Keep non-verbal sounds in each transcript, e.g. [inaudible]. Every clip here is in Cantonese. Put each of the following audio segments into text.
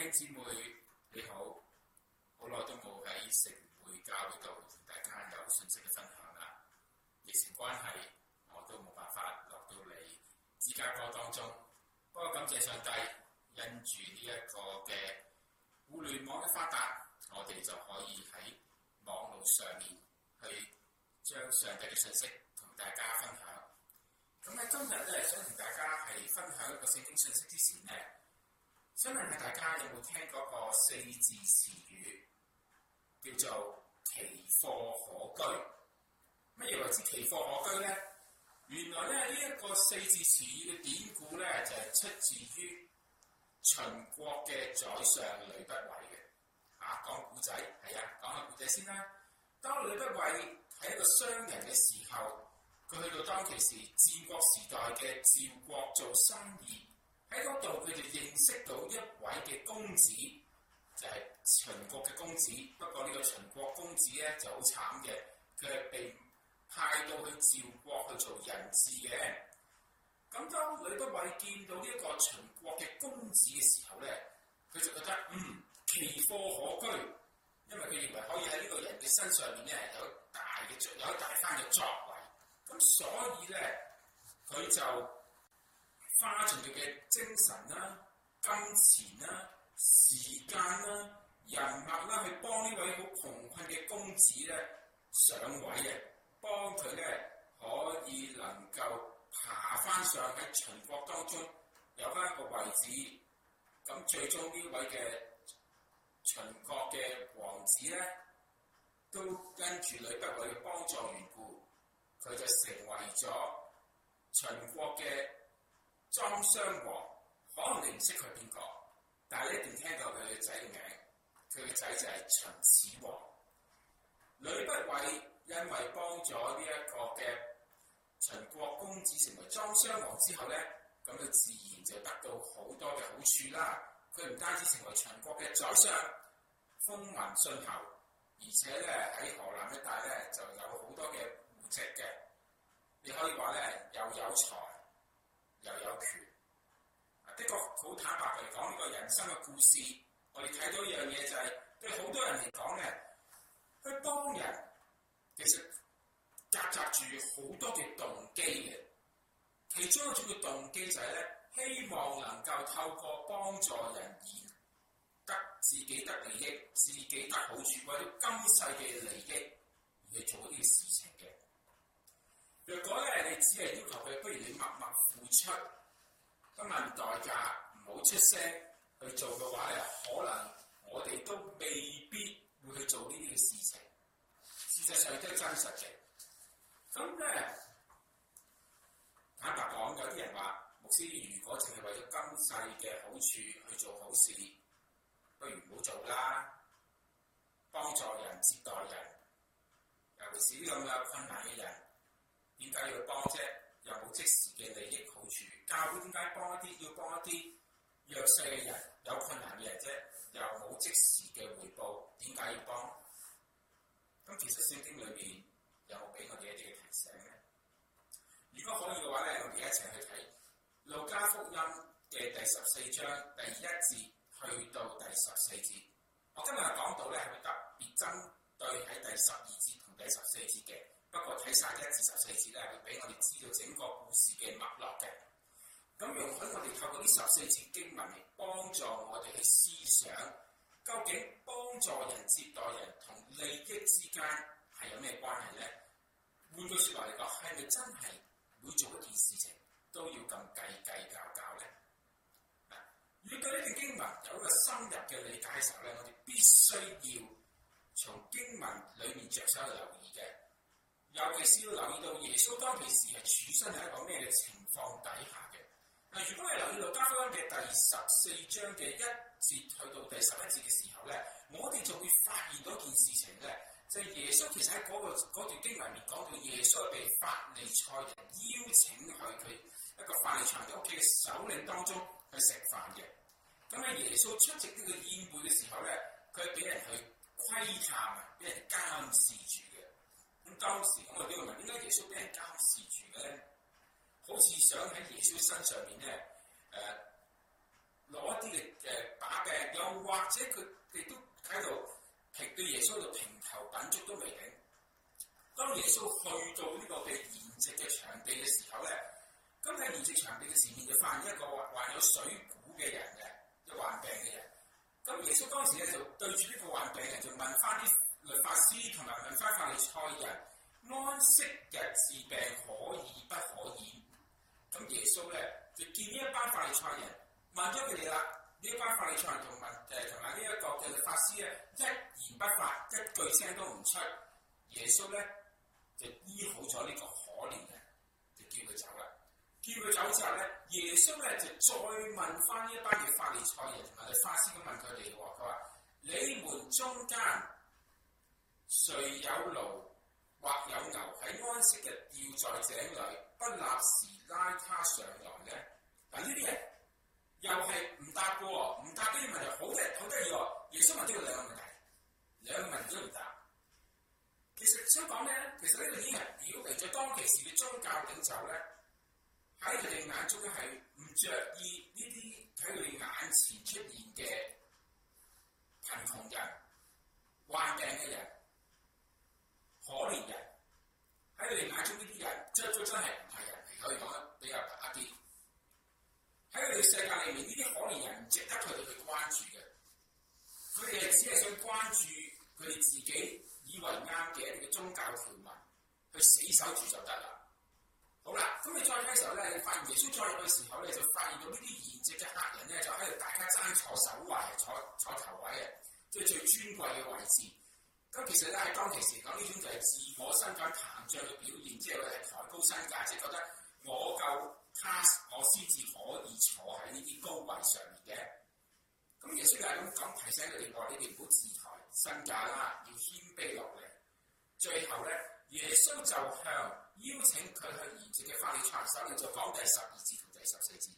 兄弟姊妹你好，好耐都冇喺城會教會度同大家有信息嘅分享啦。疫情關係，我都冇辦法落到嚟芝加哥當中。不過感謝上帝，因住呢一個嘅互聯網嘅發達，我哋就可以喺網絡上面去將上帝嘅信息同大家分享。咁喺今日咧，想同大家係分享一個聖經信息之前咧。想問下大家有冇聽過嗰個四字詞語，叫做奇貨可居。乜嘢為之「奇貨可居」咧？原來咧呢一個四字詞語嘅典故咧，就係出自於秦國嘅宰相呂不韋嘅。嚇，講古仔，係啊，講下古仔先啦。當呂不韋係一個商人嘅時候，佢去到當其時戰國時代嘅趙國做生意，喺嗰度，佢哋認識到一位嘅公子，就係、是、秦國嘅公子。不過呢個秦國公子咧就好慘嘅，佢係被派到去趙國去做人質嘅。咁、嗯、當呂不韋見到呢一個秦國嘅公子嘅時候咧，佢就覺得嗯、奇貨可居，因為佢認為可以喺呢個人嘅身上面咧有一大嘅作，有大番嘅作為。咁、嗯、所以咧，佢就花盡佢嘅精神啦、啊、金錢啦、啊、時間啦、啊、人脈啦、啊，去幫呢位好窮困嘅公子咧上位啊！幫佢咧可以能夠爬翻上喺秦國當中有翻一個位置。咁、啊、最終呢位嘅秦國嘅王子咧，都跟住呂不韋幫助緣故，佢就成為咗秦國嘅莊襄王，可能你唔識佢邊個，但係你一定聽過佢嘅仔嘅名，佢嘅仔就係秦始皇。呂不韋因為幫咗呢一個嘅秦國公子成為莊襄王之後咧，咁佢自然就得到好多嘅好處啦。佢唔單止成為秦國嘅宰相，封文信侯，而且咧喺河南一帶咧就有好多嘅戶籍嘅。你可以話咧又有財。又有權。啊，的確好坦白嚟講，呢個人生嘅故事，我哋睇到一樣嘢就係、是，對好多人嚟講嘅，佢幫人，其實夾雜住好多嘅動機嘅，其中一主要動機就係、是、咧，希望能夠透過幫助人而得自己得利益，自己得好處，或者今世嘅利益嚟做一啲事。出不問代價，唔好出聲去做嘅話咧，可能我哋都未必會去做呢啲嘅事情。事實上都係真實嘅。咁咧，坦白講，有啲人話：牧師，如果淨係為咗今世嘅好處去做好事，不如唔好做啦。幫助人，接待人，尤其是老人家、困難嘅人。教會點解幫一啲要幫一啲弱勢嘅人、有困難嘅人啫？又冇即時嘅回報，點解要幫？咁其實聖經裏邊有俾我哋一啲嘅提醒咧。如果可以嘅話咧，我哋一齊去睇路加福音嘅第十四章第一節去到第十四節。我今日講到咧係特別針對喺第十二節同第十四節嘅，不過睇晒一至十四節咧，係俾我哋知道整個故事嘅脈絡嘅。咁容許我哋透過呢十四節經文嚟幫助我哋去思想，究竟幫助人、接待人同利益之間係有咩關係咧？換句説話嚟講，係咪真係每做一件事情都要咁計計較較咧？如果對呢段經文有一個深入嘅理解嘅時候咧，我哋必須要從經文裡面着手嚟留意嘅，尤其是要留意到耶穌當其時係處身喺一個咩嘅情況底下。嗱，如果我哋留意《路加福音》嘅第十四章嘅一節去到第十一節嘅時候咧，我哋就會發現一件事情咧，就係、是、耶穌其實喺嗰、那個段經文入面講到，耶穌被法利賽人邀請去佢一個法利賽嘅屋企嘅首領當中去食飯嘅。咁喺耶穌出席呢個宴會嘅時候咧，佢係俾人去窺探啊，俾人監視住嘅。咁當時我哋都會問：點解耶穌俾人監視住咧？好似想喺耶穌身上面咧，誒、呃、攞一啲嘅誒把柄，又或者佢哋都喺度求對耶穌喺平頭品足都未定。當耶穌去到呢個嘅筵席嘅場地嘅時候咧，咁喺筵席場地嘅前面就發現一個患患有水臌嘅人嘅，即患病嘅人。咁、嗯、耶穌當時咧就對住呢個患病人就問翻啲律法師同埋問翻法利賽人：安息日治病可以不可以？咁耶穌咧就見呢一班法利賽人問咗佢哋啦，呢一班法利賽人同埋誒同埋呢一個嘅律法師咧，一言不發，一句聲都唔出。耶穌咧就醫好咗呢個可憐人，就叫佢走啦。叫佢走之後咧，耶穌咧就再問翻呢一班嘅法利賽人同埋律法師，咁問佢哋佢話：你們中間誰有驢或有牛喺安息日掉在井裏不立時上來嘅，嗱呢啲人又係唔答個，唔答呢啲問題，好叻，好得意喎！耶穌問咗佢兩個問題，兩問題都唔答。其實想講咩咧？其實呢啲人表達咗當其時嘅宗教領袖咧，喺佢哋眼中係唔着意呢啲喺佢哋眼前出現嘅貧窮人、患病嘅人、可憐人，喺佢哋眼中呢啲人真真真係唔係人。可以講得比較打啲，喺佢哋世界裏面，呢啲可憐人唔值得佢哋去關注嘅。佢哋係只係想關注佢哋自己以為啱嘅一個宗教權威，去死守住就得啦。好啦，咁你再嘅時候咧，你發現耶穌再入嘅時候咧，就發現到呢啲現職嘅客人咧，就喺度大家爭坐首位，坐坐頭位嘅，即係最尊貴嘅位置。咁其實咧喺當其時講呢種就係自我身份膨脹嘅表現，之後佢係抬高身價，即係覺得。我夠，他我先至可以坐喺呢啲高位上面嘅。咁、嗯、耶穌係咁講提醒佢哋話：你哋唔好自抬身價啦，要謙卑落嚟。最後咧，耶穌就向邀請佢去完成嘅法利賽。首先就講第十二節同第十四節。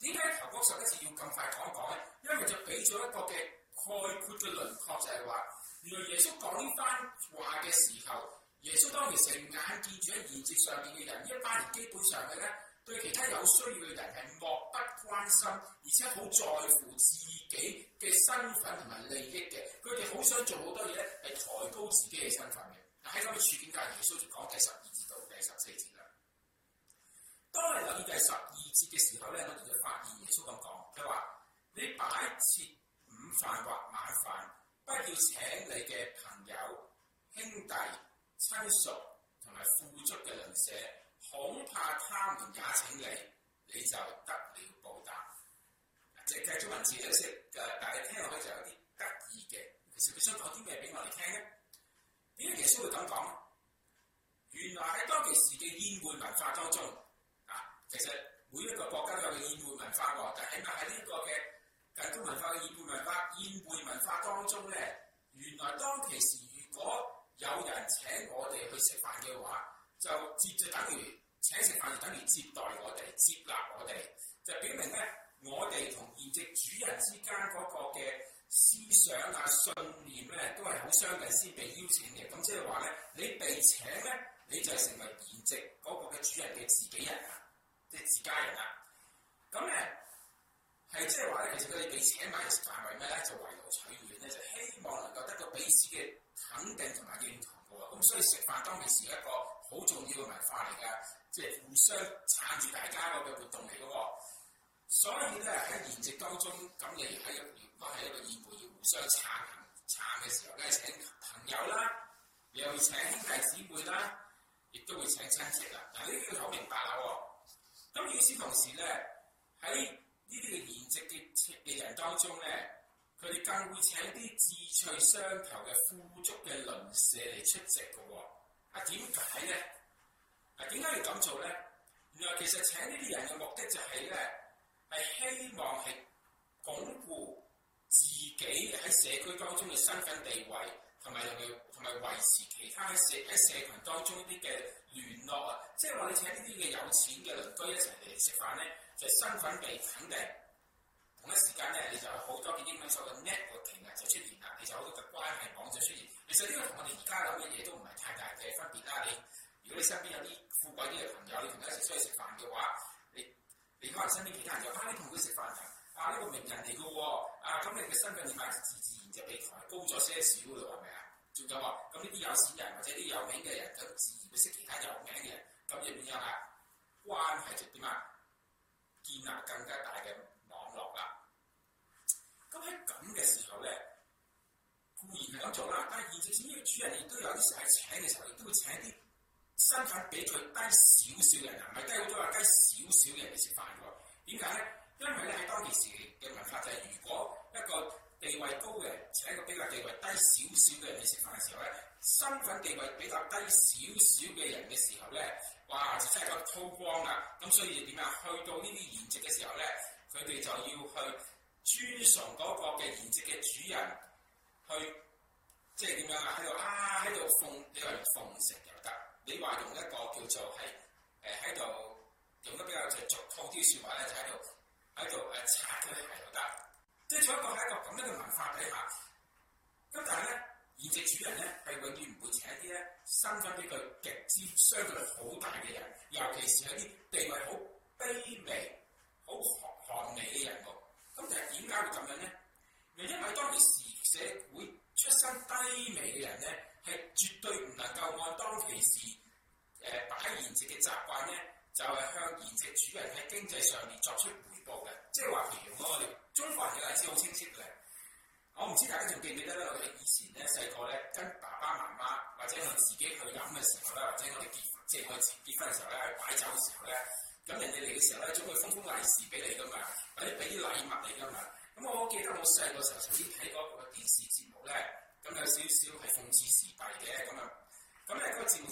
點解頭嗰十一節要咁快講一講咧？因為就俾咗一個嘅概括嘅輪廓，就係、是、話，原來耶穌講呢番話嘅時候。耶穌當然成眼見住喺言節上邊嘅人一班人，人基本上嘅咧，對其他有需要嘅人係漠不關心，而且好在乎自己嘅身份同埋利益嘅。佢哋好想做好多嘢咧，係抬高自己嘅身份嘅。嗱，喺咁嘅處境下，耶穌就講第十二節到第十四節啦。當你哋留意第十二節嘅時候咧，我哋就發現耶穌咁講，佢話：你擺設午飯或晚飯，不要請你嘅朋友兄弟、親屬同埋富足嘅鄰舍，恐怕他們也請你，你就得了報答。即係繼續文字嘅一啲誒，但係聽落去就有啲得意嘅。其實佢想講啲咩俾我哋聽咧？點解耶穌會咁講？原來喺當其時嘅宴會文化當中，啊，其實每一個國家都有宴會文化喎。但係起碼喺呢個嘅基督文化嘅宴會文化、宴會文化當中咧，原來當其時如果有人請我哋去食飯嘅話，就接就等於請食飯，就等於接待我哋、接納我哋，就表明咧，我哋同現席主人之間嗰個嘅思想啊、信念咧、啊，都係好相近先被邀請嘅。咁即係話咧，你被請咧，你就係成為現席嗰個嘅主人嘅自己人啊，即係自家人啊。咁咧係即係話咧，其實佢哋被請埋嚟食飯為咩咧？就為求取悅咧，就希望能夠得到彼此嘅。肯定同埋認同嘅喎，咁所以食飯當其時係一個好重要嘅文化嚟嘅，即係互相撐住大家一個嘅活動嚟嗰個。所以咧，喺宴席當中，咁你喺如果係一個宴會要互相撐撐嘅時候梗係，請朋友啦，你又會請兄弟姊妹啦，亦都會請親戚啊。嗱，呢啲要好明白喎。咁與此同時咧，喺呢啲嘅宴席嘅嘅人當中咧。佢哋更會請啲志趣相投嘅富足嘅鄰舍嚟出席嘅喎、哦，啊點解咧？啊點解要咁做咧？原來其實請呢啲人嘅目的就係咧，係希望係鞏固自己喺社區當中嘅身份地位，同埋同埋維持其他喺社喺社群當中啲嘅聯絡啊！即係話你請呢啲嘅有錢嘅鄰居一齊嚟食飯咧，就係、身份被肯定。咁嘅時間咧，你就好多啲英文嘅所謂 networking、啊、就出現啦，你就好多嘅關係網就出現。其實呢個同我哋而家諗嘅嘢都唔係太大嘅分別啦。你如果你身邊有啲富貴啲嘅朋友，你同佢一齊出去食飯嘅話，你你可能身邊其他人就翻嚟同佢食飯啦。啊，呢個名人嚟嘅喎，啊咁你嘅身份地位自自然就比佢高咗些少喎，係咪啊？照咗話咁呢啲有錢人或者啲有名嘅人，咁自然會識其他有名嘅人，咁又點樣啊？關係就點啊？建立更加大。做啦，但係宴席，呢個主人亦都有啲時喺請嘅時候，亦都會請啲身份比佢低少少嘅人，唔係低好多，低少少嘅人嚟食飯嘅喎。點解咧？因為咧喺當其時嘅文化就係、是，如果一個地位高嘅請一個比較地位低少少嘅人嚟食飯嘅時候咧，身份地位比較低少少嘅人嘅時候咧，哇，就真係個叨光啊！咁所以點啊？去到呢啲宴席嘅時候咧，佢哋就要去尊崇嗰個嘅宴席嘅主人去。即係點樣啊？喺度啊，喺度奉你話奉承又得。你話用一個叫做係誒喺度用得比較就俗套啲説話咧，就喺度喺度誒擦佢鞋又得。即係在，在一個喺一個咁樣嘅文化底下咁，但係咧，宴席主人咧係永遠唔會請啲咧身份呢個極之相對好大嘅人，尤其是有啲地位好卑微、好寒寒微嘅人物。咁其實點解會咁樣咧？因為當時社會。出身低微嘅人咧，係絕對唔能夠按當其時誒擺筵席嘅習慣咧，就係、是、向筵席主人喺經濟上面作出回報嘅，即係話譬如我哋中國人嘅例子好清晰嘅。我唔知大家仲記唔記得咧？我哋以前咧細個咧，跟爸爸媽媽或者我自己去飲嘅時候咧，或者我哋結即係我哋結婚嘅時候咧，去擺酒嘅時候咧，咁人哋嚟嘅時候咧，總會封封利是俾你㗎嘛，或者俾啲禮物你㗎嘛。咁、嗯、我記得我細個時候曾經睇過一部電視節目咧，咁有少少係諷刺時弊嘅，咁啊，咁咧個節。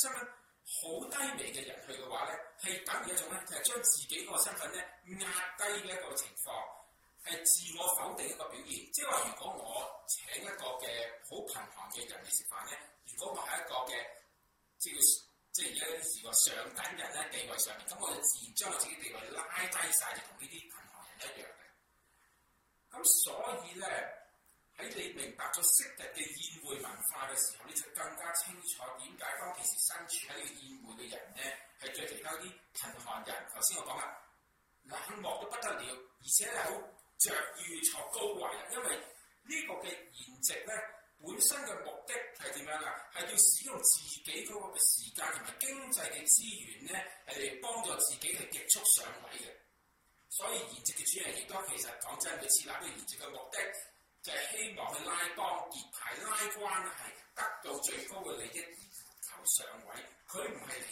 身份好低微嘅人去嘅話咧，係等於一種咧，就係將自己個身份咧壓低嘅一個情況，係自我否定一個表現，即係話，如果我請一個嘅好貧寒嘅人嚟食飯咧，如果我係一個嘅即係叫即係而家試個上等人咧地位上面，咁我就自然將我自己地位拉低晒，就同呢啲貧寒人一樣嘅。咁所以咧，喺你明白咗昔日嘅意。忙得不得了，而且係好着意坐高位。因為個席呢個嘅筵席咧，本身嘅目的係點樣啊？係要使用自己嗰個嘅時間同埋經濟嘅資源咧，係嚟幫助自己係急速上位嘅。所以筵席嘅主人亦都其實講真，佢設立呢個筵席嘅目的就係、是、希望去拉幫結派、拉關係，得到最高嘅利益，求上位。佢唔係嚟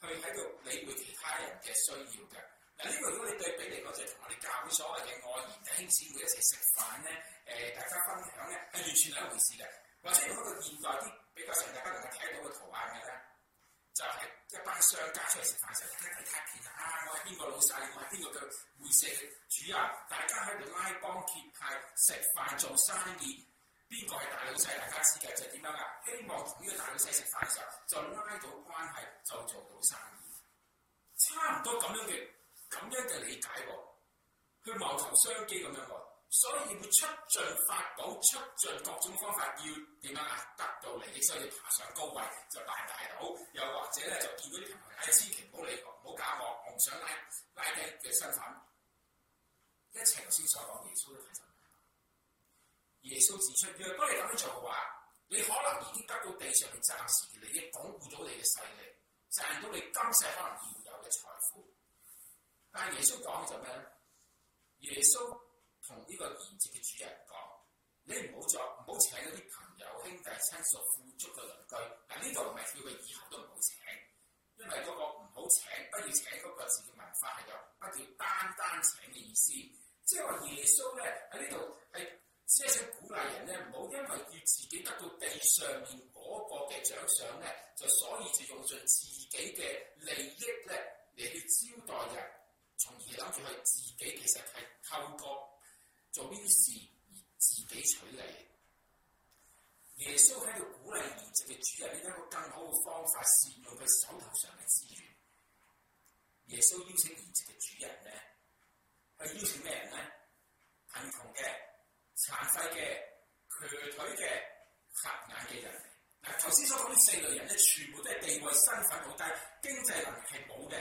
去喺度理會其他人嘅需要㗎。呢個如果你對比嚟講，就係同我哋教會所謂嘅外兒弟兄姊妹一齊食飯咧，誒、呃，大家分享咧，係、呃、完全係一回事嘅。或者如果佢現代啲比較上大，大家能夠睇到嘅圖案嘅、就、咧、是，就係、是、一班商家出嚟食飯，成日睇睇其實啊，我係邊個老細，我係邊個嘅會食主啊，啊啊啊啊主大家喺度拉幫結派食飯、啊、做生意，邊個係大老細？大家知嘅就點樣啊？希望同呢個大老細食飯嘅時候，就拉到關係，就做到生意。差唔多咁樣嘅。咁樣嘅理解喎，去謀求商機咁樣喎，所以會出盡法寶，出盡各種方法要樣，要點啊？得到利益，所以爬上高位就大大佬，又或者咧就見到啲朋友，係千祈唔好理我，唔好搞我，我唔想拉拉低嘅身份。一齊頭先所講耶穌都其實，耶穌指出，如果你咁樣做嘅話，你可能已經得到地上暫時嘅利益，鞏固到你嘅勢力，賺到你今世可能要有嘅財富。但耶穌講嘅就咩咧？耶穌同呢個宴席嘅主人講：你唔好做，唔好請嗰啲朋友、兄弟、親屬、富足嘅鄰居。嗱，呢度唔係叫佢以後都唔好請，因為嗰個唔好請，不如請嗰個字嘅文化係有不叫單單請嘅意思，即係話耶穌咧喺呢度係即係想鼓勵人咧唔好因為要自己得到地上面嗰個嘅獎賞咧，就所以就用盡自己嘅利益咧嚟去招待人。從而諗住佢自己，其實係透過做邊啲事而自己取利。耶穌喺度鼓勵筵席嘅主人，呢一個更好嘅方法，善用佢手頭上嘅資源。耶穌邀請筵席嘅主人咧，去邀請咩人咧？貧窮嘅、殘廢嘅、瘸腿嘅、瞎眼嘅人。嗱，頭先所講呢四類人咧，全部都係地位身份好低，經濟能力係冇嘅。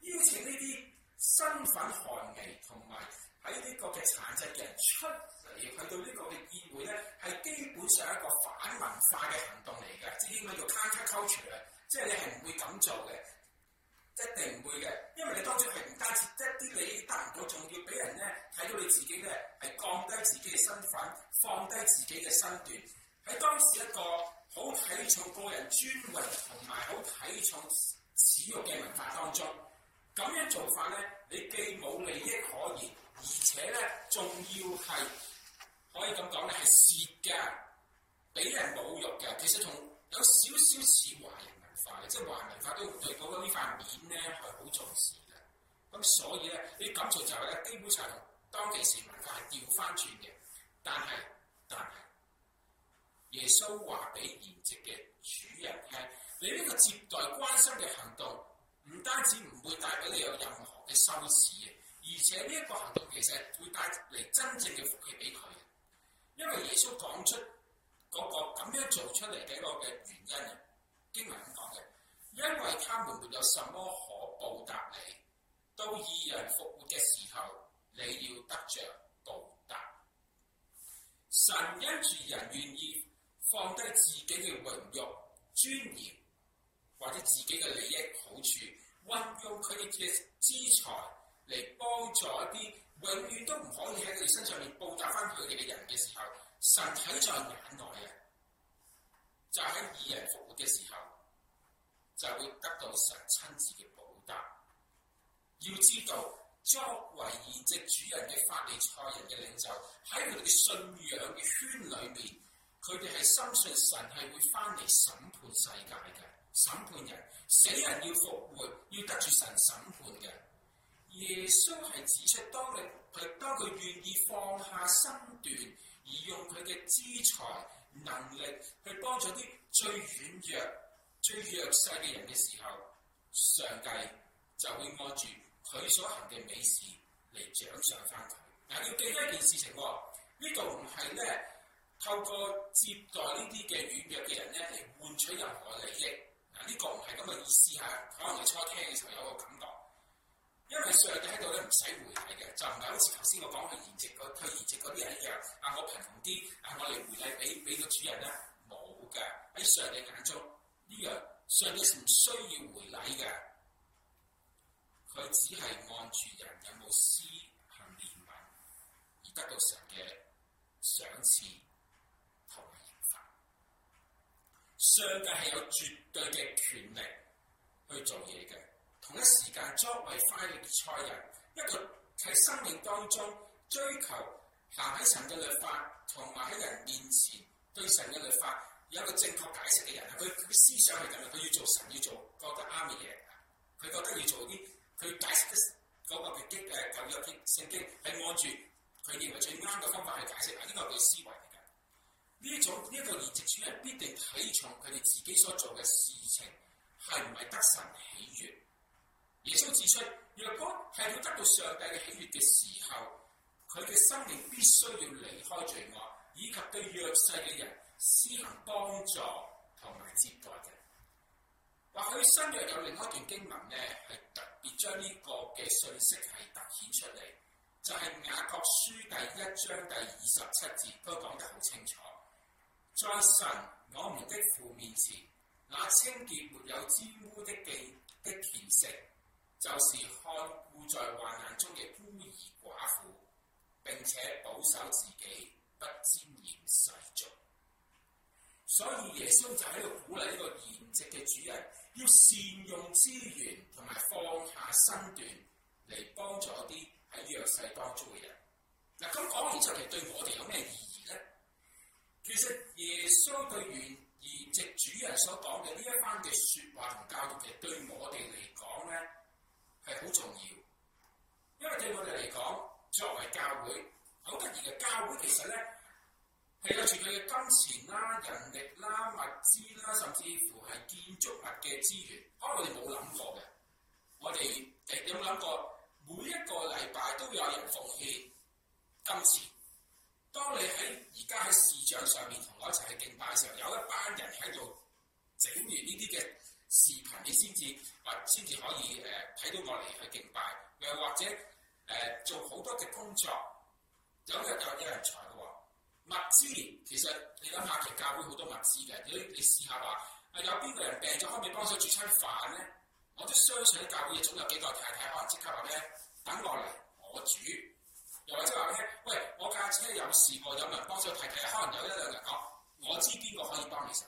邀請呢啲。身份寒微同埋喺呢個嘅殘疾人出嚟，去到呢個嘅宴會咧，係基本上一個反文化嘅行動嚟嘅，應該叫做 counter culture 啊！即係你係唔會咁做嘅，一定唔會嘅，因為你當中係唔單止一啲你得唔到重，仲要俾人咧睇到你自己咧係降低自己嘅身份，放低自己嘅身段。喺當時一個好睇重個人尊榮同埋好睇重恥辱嘅文化當中。咁樣做法咧，你既冇利益可言，而且咧仲要係可以咁講咧，係蝕嘅，俾人侮辱嘅。其實同有少少似華人文化嘅，即係華人文化都對嗰個呢塊面咧係好重視嘅。咁所以咧，你咁做就係咧，基本上當其時文化係調翻轉嘅。但係但係，耶穌話俾筵席嘅主人聽：你呢個接待關心嘅行動，唔單止唔會帶俾你有任何嘅羞恥嘅，而且呢一個行動其實會帶嚟真正嘅福氣俾佢。因為耶穌講出嗰、那個咁樣做出嚟嘅一個嘅原因啊，經文咁講嘅，因為他們沒有什麼可報答你，到義人復活嘅時候，你要得着報答。神因住人願意放低自己嘅榮耀尊嚴。或者自己嘅利益、好處，運用佢哋嘅資財嚟幫助一啲永遠都唔可以喺佢哋身上面報答翻佢哋嘅人嘅時候，神睇在眼內嘅就喺義人復活嘅時候就會得到神親自嘅報答。要知道，作為宴席主人嘅法利賽人嘅領袖喺佢哋嘅信仰圈裏面，佢哋係深信神係會翻嚟審判世界嘅。審判人，死人要復活，要得住神審判嘅。耶穌係指出當，當佢係當佢願意放下身段，而用佢嘅資財能力去幫助啲最軟弱、最弱勢嘅人嘅時候，上帝就會按住佢所行嘅美事嚟獎賞返佢。嗱，要記多一件事情喎，哦這個、呢度唔係咧透過接待軟呢啲嘅軟弱嘅人咧嚟換取任何利益。呢個唔係咁嘅意思嚇，可、啊、能初聽嘅時候有個感覺，因為上帝喺度咧唔使回禮嘅，就唔係好似頭先我講佢筵席個筵席嗰啲人一樣。啊，我平衡啲，啊我嚟回禮俾俾個主人咧、啊，冇嘅。喺上帝眼中，呢、這、樣、個、上帝唔需要回禮嘅，佢只係按住人有冇施行憐憫而得到神嘅賞賜。上帝係有絕對嘅權力去做嘢嘅，同一時間作為法利賽人一個喺生命當中追求行喺神嘅律法，同埋喺人面前對神嘅律法有一個正確解釋嘅人，佢佢思想係噉樣，佢要做神要做覺得啱嘅嘢，佢覺得要做啲佢解釋嗰個嘅經誒舊約經聖經係按住佢認為最啱嘅方法去解釋，呢個係佢思維。呢種一，這個宴席主人必定睇重佢哋自己所做嘅事情係唔係得神喜悅。耶穌指出，若果係要得到上帝嘅喜悅嘅時候，佢嘅生命必須要離開罪惡，以及對弱勢嘅人施行幫助同埋接待。嘅。或許新約有另一段經文咧，係特別將呢個嘅信息係凸顯出嚟，就係、是，雅各書第一章第二十七節，都講得好清楚。在神我們的父面前，那清潔沒有沾污的記的虔誠，就是看顧在患難中嘅孤兒寡婦，並且保守自己不沾染世俗。所以耶穌就喺度鼓勵呢個筵席嘅主人，要善用資源，同埋放下身段嚟幫助啲喺弱勢當中嘅人。嗱，咁講完之後對我哋有咩意義？其實耶穌對原原籍主人所講嘅呢一番嘅説話同教育嘅，對我哋嚟講咧係好重要，因為對我哋嚟講，作為教會好得意嘅教會，其實咧係有住佢嘅金錢啦、人力啦、物資啦，甚至乎係建築物嘅資源，可能我哋冇諗過嘅。我哋誒有冇諗過，每一個禮拜都有人奉獻金錢。當你喺而家喺視像上面同我一齊去敬拜嘅時候，有一班人喺度整完呢啲嘅視頻，你先至或先至可以誒睇、呃、到我嚟去敬拜，又或者誒、呃、做好多嘅工作，有日又有，有人才喎物資，其實你諗下，其實教會好多物資嘅，如果你試下話，啊有邊個人病咗，可唔可以幫手煮餐飯咧？我都相信教會總有幾個太太可能即刻話咧，等落嚟我煮。又或者話咧，喂，我駕車有事喎，有人幫手睇睇，可能有一兩個人講，我知邊個可以幫你手。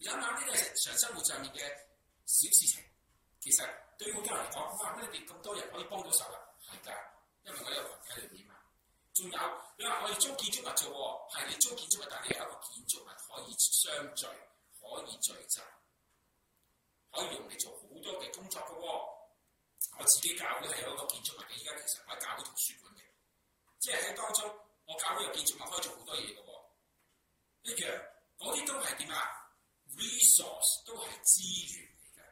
諗下呢啲日常生活上面嘅小事情，其實對好多人嚟講，哇！呢啲咁多人可以幫到手啦，係㗎，因為我看看有群體聯繫嘛。仲有你話我哋租建築物做喎、啊，係你租建築物，但係有一個建築物可以相聚，可以聚集，可以用嚟做好多嘅工作嘅喎、哦。我自己教會係有一個建築物嘅，而家其實我喺教會圖書館。即係喺當中，我教會入面仲係可以做好多嘢嘅喎，一樣嗰啲都係點啊？resource 都係資源嚟嘅。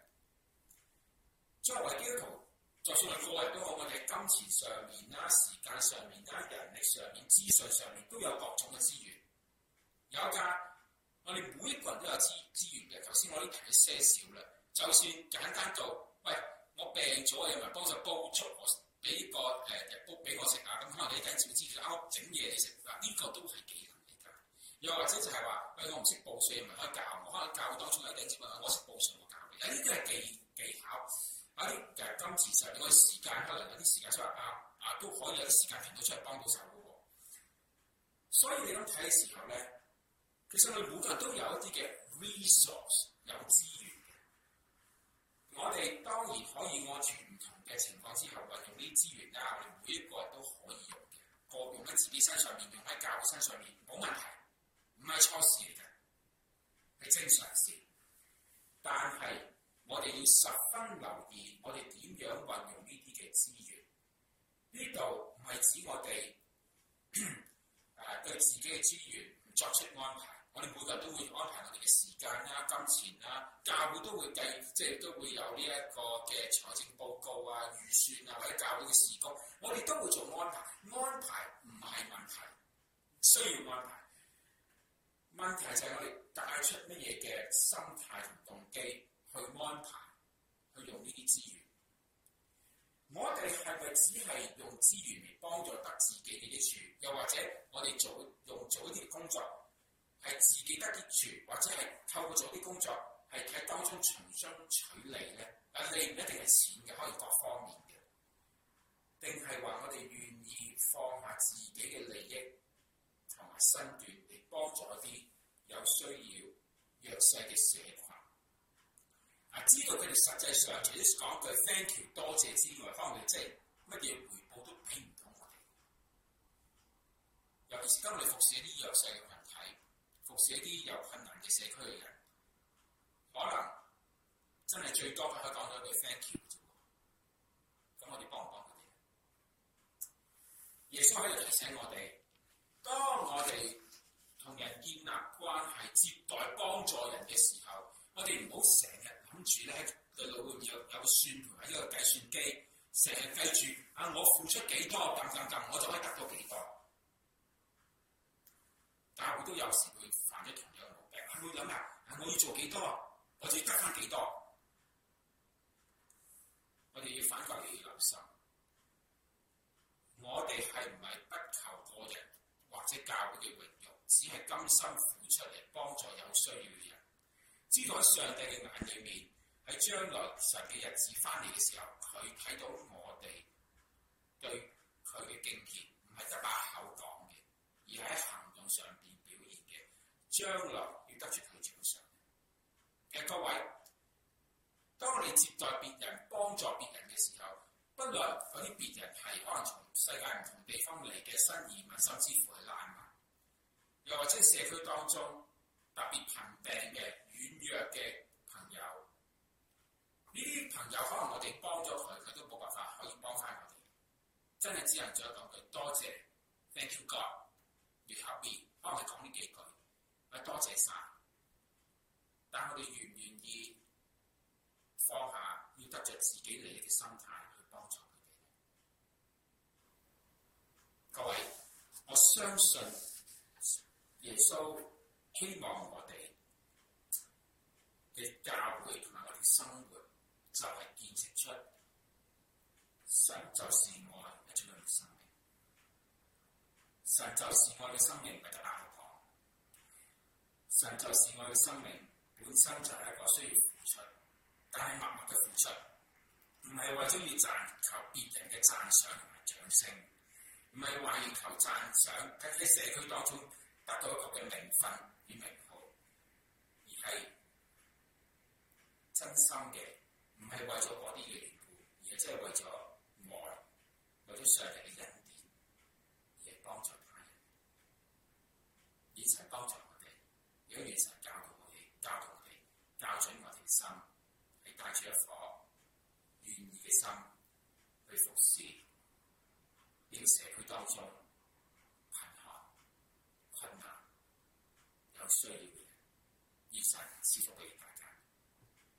作為基督徒，就算係個人都好，我哋金錢上面啦、時間上面啦、人力上面、資訊上面都有各種嘅資源。有一架，我哋每一個人都有資資源嘅。頭先我啲提些少啦，就算簡單到，喂，我病咗，有唔有幫手包紮我？俾個誒日報俾我食啊！咁可能你睇少之極，屋整嘢你食啊！呢、這個都係技能嚟㗎。又或者就係話，我唔識報稅咪可以教我？我可能教我當初有一人接啊，我識報稅我教你。呢啲係技技巧。喺其實今次就你時間可能有啲時間出嚟教，啊，都可以有啲時間停到出嚟幫到手嗰個。所以你咁睇嘅時候咧，其實你每個人都有一啲嘅 resource 有資源。可以按住唔同嘅情況之後運用呢啲資源啊，我哋每一個人都可以用嘅，個用喺自己身上面，用喺教育身上面，冇問題，唔係錯事嚟嘅，係正常事。但係我哋要十分留意，我哋點樣運用呢啲嘅資源？呢度唔係指我哋誒、 [coughs] 啊、對自己嘅資源唔作出安排。我哋每個人都會安排我哋嘅時間啦、啊、金錢啦、啊，教會都會計，即係都會有呢一個嘅財政報告啊、預算啊，或者教會嘅事工。我哋都會做安排，安排唔係問題，需要安排。問題就係我哋帶出乜嘢嘅心態同動機去安排，去用呢啲資源。我哋係咪只係用資源嚟幫助得自己嘅益處？又或者我哋早用早啲工作？係自己得啲住，或者係透過咗啲工作，係喺當中從中取利咧。嗱，利唔一定係錢嘅，可以各方面嘅。定係話我哋願意放下自己嘅利益同埋身段，嚟幫助一啲有需要弱勢嘅社群。嗱、啊，知道佢哋實際上除咗講句 thank you 多謝之外，可能即係乜嘢回報都俾唔到我哋，尤其是當你服侍一啲弱勢嘅人。服侍一啲有困難嘅社區嘅人，可能真係最多佢可以講咗一句 thank you。咁我哋幫唔幫佢哋？耶穌可以提醒我哋，當我哋同人建立關係、接待幫助人嘅時候，我哋唔好成日諗住咧，佢老闆有有個算盤喺一個計算機，成日計住啊，我付出幾多，等等等，我就可以得到幾多。但係我都有時。要諗啊！我要做幾多，我哋得翻幾多？我哋要反過嚟要留心。我哋係唔係不求個人或者教會嘅榮譽，只係甘心付出嚟幫助有需要嘅人？知道喺上帝嘅眼裏面，喺將來神嘅日子翻嚟嘅時候，佢睇到我哋對佢嘅敬虔，唔係一把口講嘅，而喺行動上邊表現嘅將來。得住喺牆上，誒，各位，當你接待別人、幫助別人嘅時候，不論有啲別人係可能從世界唔同地方嚟嘅新移民，甚至乎係難民，又或者社區當中特別貧病嘅、軟弱嘅朋友，呢啲朋友可能我哋幫助佢，佢都冇辦法可以幫翻我哋，真係只能再講句多謝，Thank you God 如 e r y 幫佢講呢幾句。多謝晒，但我哋願唔願意放下要得着自己利益嘅心態去幫助佢哋？各位，我相信耶穌希望我哋嘅教會同埋我哋生活就係建設出神就是愛嘅一種生命，神就是愛嘅生命神就是我嘅生命，本身就係一個需要付出，但係默默嘅付出，唔係為咗要賺求別人嘅讚賞同埋掌聲，唔係話為求讚賞，喺啲社區當中得到一個嘅名分與名號，而係真心嘅，唔係為咗攞啲嘢嚟換，而係真係為咗愛，為咗上帝嘅恩典，而幫助他人，而且幫助。俾元神教導我哋，教導我哋教準我哋嘅心，係帶住一顆願意嘅心去服侍呢個社區當中貧寒困難有需要嘅人士，先可以神終。